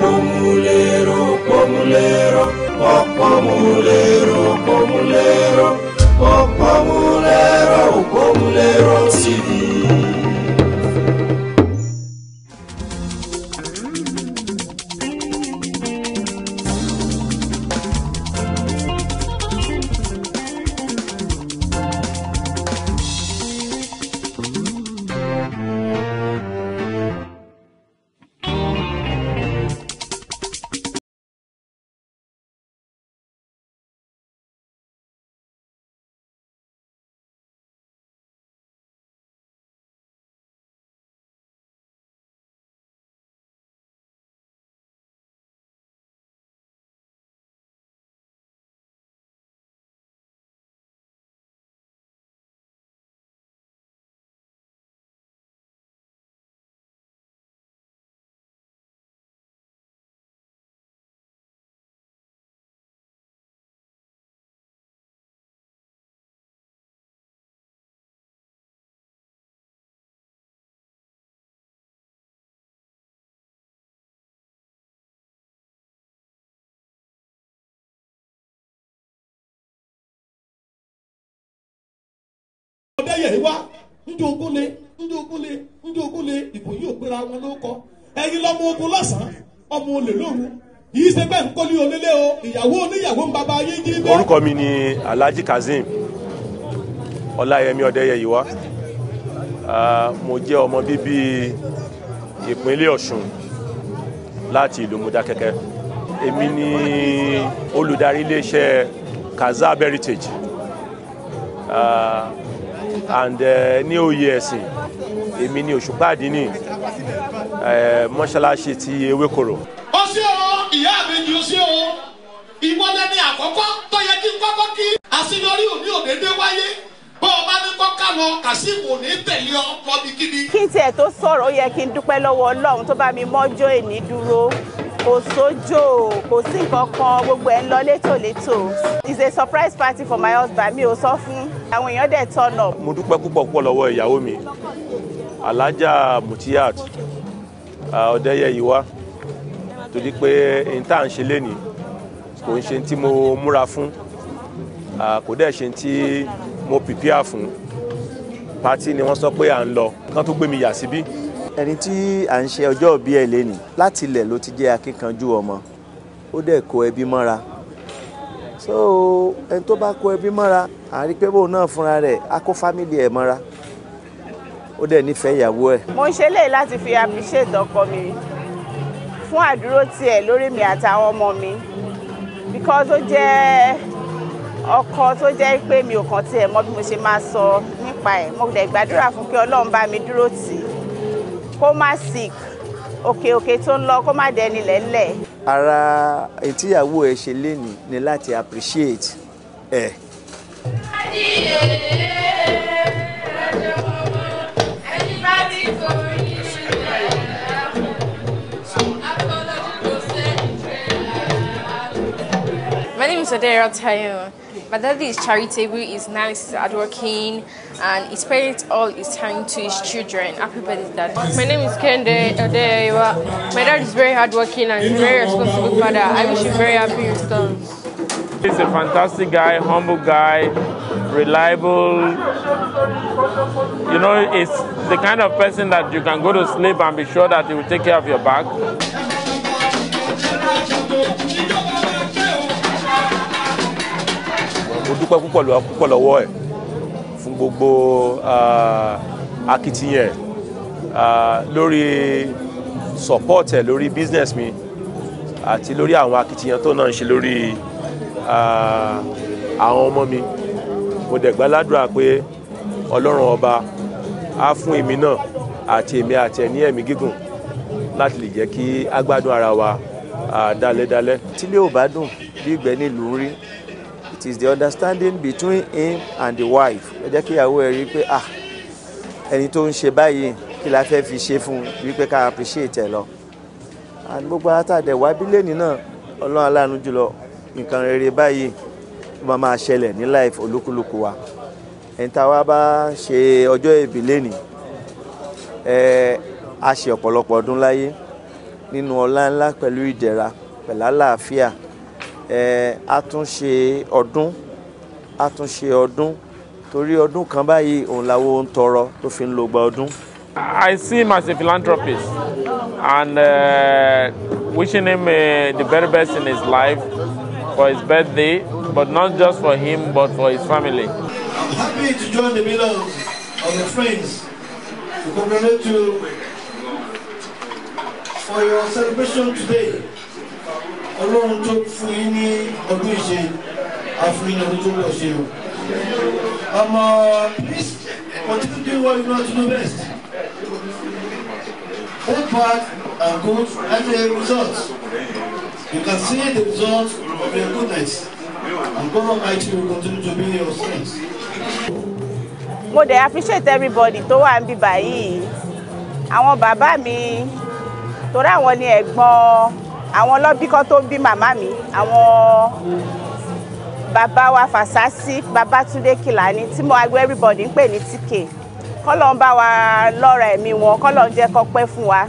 pomulero, pomulero, oh pomulero, pomulero, oh pomulero, pomulero, pomulero, ẹlẹ́yẹ̀ yìí wá ndí ogúnlé ndí ogúnlé ndí ogúnlé ìkòyí òpera wọn ló kọ ogun lọ́sàn ọmọ olè lóru yìí ṣe o ìyàwó oníyàwó ń bàbá jí orúkọ mi ni Alhaji Kazeem Ọláyẹmí Ọdẹyẹyìwá ni olùdarí Heritage. and uh, ní oyè ẹ̀sìn èmi ni Òṣùpá Àdínì mọ́ṣáláṣí ti Ewékòró. ó sí o ìyá mi ni ó sí o ìmọ̀lẹ́ ni àkọ́kọ́ tó yẹ kí kọ́kọ́ kí àṣeyọrí òní òdèdè wáyé bó o bá ní kọ́ ká lọ ní tẹ̀lé ọ lọ́bikíbi. kí tiẹ̀ tó sọ̀rọ̀ ó yẹ kí n dúpẹ́ lọ́wọ́ Ọlọ́run tó bá mi mọ́jọ́ èní dúró kò sójò kò sí nǹkan kan gbogbo ẹ̀ ń lọ létòlétò it's a surprise party for my husband mi ò sọ fún àwọn èèyàn dẹ̀ turn up. mo dúpẹ́ púpọ̀ púpọ̀ lọ́wọ́ ìyàwó mi alájà mutiyat ọ̀dẹ́yẹyìwá torí pé n tá à ń ṣe lénìí kò ń ṣe tí mo múra fún kò dẹ̀ ṣe tí mo pìpíà fún pátì ni wọ́n sọ pé à ń lọ kán tó gbé mi yà síbí. ẹni tí à ń ṣe ọjọ́ òbí ẹ̀ lénìí láti ilẹ̀ ló ti jẹ́ akíkanjú ọmọ ó dẹ̀ kó ẹbí mọ́ra so ẹni tó bá kó ẹbí mọ́ra àrí pé bóun náà fúnra rẹ̀ á kó fámìlì ẹ̀ mọ́ra ó dẹ̀ nífẹ̀ẹ́ ìyàwó ẹ̀. mo ń ṣe léyìí láti fi appreciate ọkọ mi fún àdúró tiẹ̀ lórí mi àtàwọn ọmọ mi because ó jẹ́ ọkọ tó jẹ́ pé mi ò kàn tiẹ̀ mọ bí mo ṣe máa sọ nípa ẹ̀ mo dẹ̀ gbàdúrà fún kí ọlọ́run bá mi dúró tì kó má sick òkè òkè tó ń lọ kó má dẹni lẹ́lẹ̀ ara ìtìyàwó ẹ ṣe lénìí ni láti appreciate ẹ. My name is Adera Tayo. My daddy is charitable, is nice, is hardworking. and he spends all his time to his children. Happy birthday, Dad. My name is Kende Odeyewa. My dad is very hardworking and very responsible father. I wish you very happy returns. He's a fantastic guy, humble guy, reliable. You know, it's the kind of person that you can go to sleep and be sure that he will take care of your back. mo dúpẹ́ púpọ̀ lọ́wọ́ ẹ̀ gbogbo ah, akitiyan ah, lórí support ẹ̀ lórí business mi àti lórí àwọn akitiyan tó náà ń ṣe lórí ah, àwọn ọmọ mi mo dẹ̀ gbàládùra pé ọlọ́run ọba á fún èmi náà àti èmi àti ẹ̀ ní ẹ̀mí gígùn láti lè jẹ́ kí a gbádùn ara wa dálẹ́dálẹ́. tílé ò bá dùn bí ìgbẹ́ nílùú rí it is the understanding between him and the wife ẹ jẹ́ kí ìyàwó ẹ rí i pé ah ẹni tó ń ṣe báyìí kí la fẹ́ fi ṣe fún un wípé ká appreciate ẹ lọ and gbogbo àtàdé wá bílẹ̀ nínà ọlọ́run aláàánú jùlọ nǹkan rere báyìí ó máa ṣẹlẹ̀ ní life olúkúlùkù wa ẹni tá a wá bá ṣe ọjọ́ ìbí lẹ́nì ẹ a ṣe ọ̀pọ̀lọpọ̀ ọdún láyé nínú ọlá ńlá pẹ̀lú ìdẹ̀ra pẹ̀lú àlàáfíà àtúnṣe ọdún àtúnṣe ọdún torí ọdún kan báyìí òun làwọn ohun tọrọ tó fi ń lo gba ọdún. I see him as a philanthropist and uh, wishing him uh, the very best in his life for his birthday, but not just for him, but for his family. I'm happy to join the billows of your friends to congratulate you for your celebration today ọlọ́run tó fún yín ní ọdún ìṣe àfihàn ọdún tó pọ̀ ṣe o ọmọ please continue doing what you know to do best hold back and go and the result you can see the result of your goodness and God Almighty will continue to be your strength. mo dey appreciate everybody tó wà níbí báyìí àwọn bàbá mi torí àwọn ni ẹ̀gbọ́n àwọn ọlọ́bíkọ́ tó bí màmá mi àwọn bàbá wa fàṣásí babátúndé kìlání tí mo agbó everybody ń pè ní tk kọ́lọ́ ń bá wa lọ́ra ẹ̀mí wọn kọ́lọ́ ń jẹ́ kó pẹ́ fún wa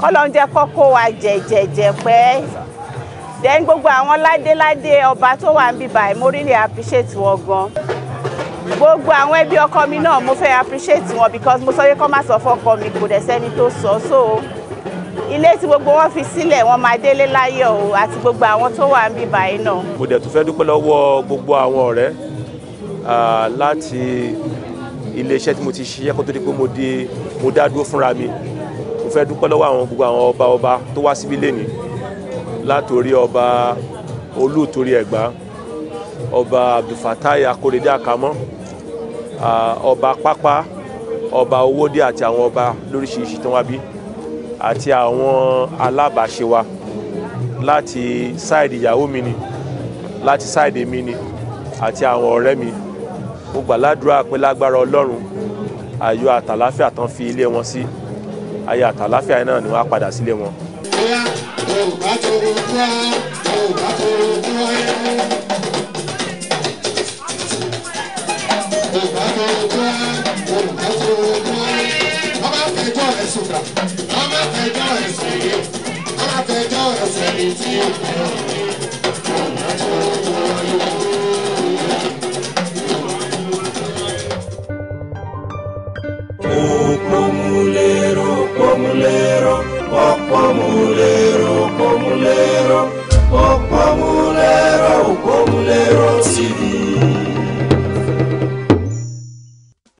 kọ́lọ́ ń jẹ́ kó kó wa jẹ̀jẹ̀jẹ̀ pẹ́ then gbogbo àwọn ládéládé ọba tó wà ń bí báyìí mo really appreciate wọn gan gbogbo àwọn ẹbí ọkọ mi náà mo fẹ́ appreciate wọn because mo sọ pé kọ́ má sọ fọ́kọ mi kò dẹ̀ sẹ́ni tó sọ so. so ilé tí gbogbo wọn fi sílẹ̀ wọ́n máa délé láyọ̀ o àti gbogbo àwọn tó wà níbí báyìí náà. mo dẹ̀ tún fẹ́ dúpẹ́ lọ́wọ́ gbogbo àwọn ọ̀rẹ́ láti iléeṣẹ́ tí mo ti ṣiṣẹ́ kó tó di pé mo di mo dá dúró fúnra mi mo fẹ́ dúpẹ́ lọ́wọ́ àwọn gbogbo àwọn ọba ọba tó wá síbí lénìí látòrí ọba olùtorí ẹ̀gbá ọba abdulfatai akorede akamọ ọba pápá ọba owóde àti àwọn ọba lóríṣiríṣi tí wọ́n wá bí àti àwọn alábàáṣe wa láti sáìdì ìyàwó mi ni láti sáìdì mi ni àti àwọn ọ̀rẹ́ mi mo gbà ládùúrà pé lágbára ọlọ́run ayọ̀ àtàláfíà tán fi ilé wọn sí ayọ̀ àtàláfíà náà ni wọ́n á padà sílé wọn. bóyá oh, pomulero, comulero.